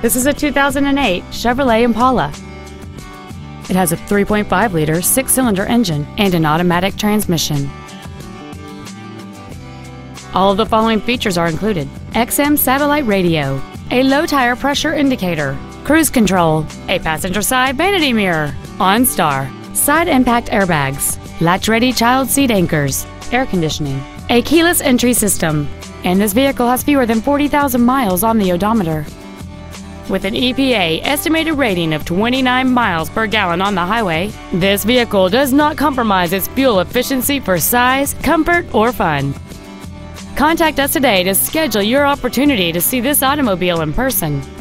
This is a 2008 Chevrolet Impala. It has a 3.5-liter six-cylinder engine and an automatic transmission. All of the following features are included. XM satellite radio, a low tire pressure indicator, cruise control, a passenger side vanity mirror, OnStar, side impact airbags, latch-ready child seat anchors, air conditioning, a keyless entry system, and this vehicle has fewer than 40,000 miles on the odometer with an EPA estimated rating of 29 miles per gallon on the highway, this vehicle does not compromise its fuel efficiency for size, comfort, or fun. Contact us today to schedule your opportunity to see this automobile in person.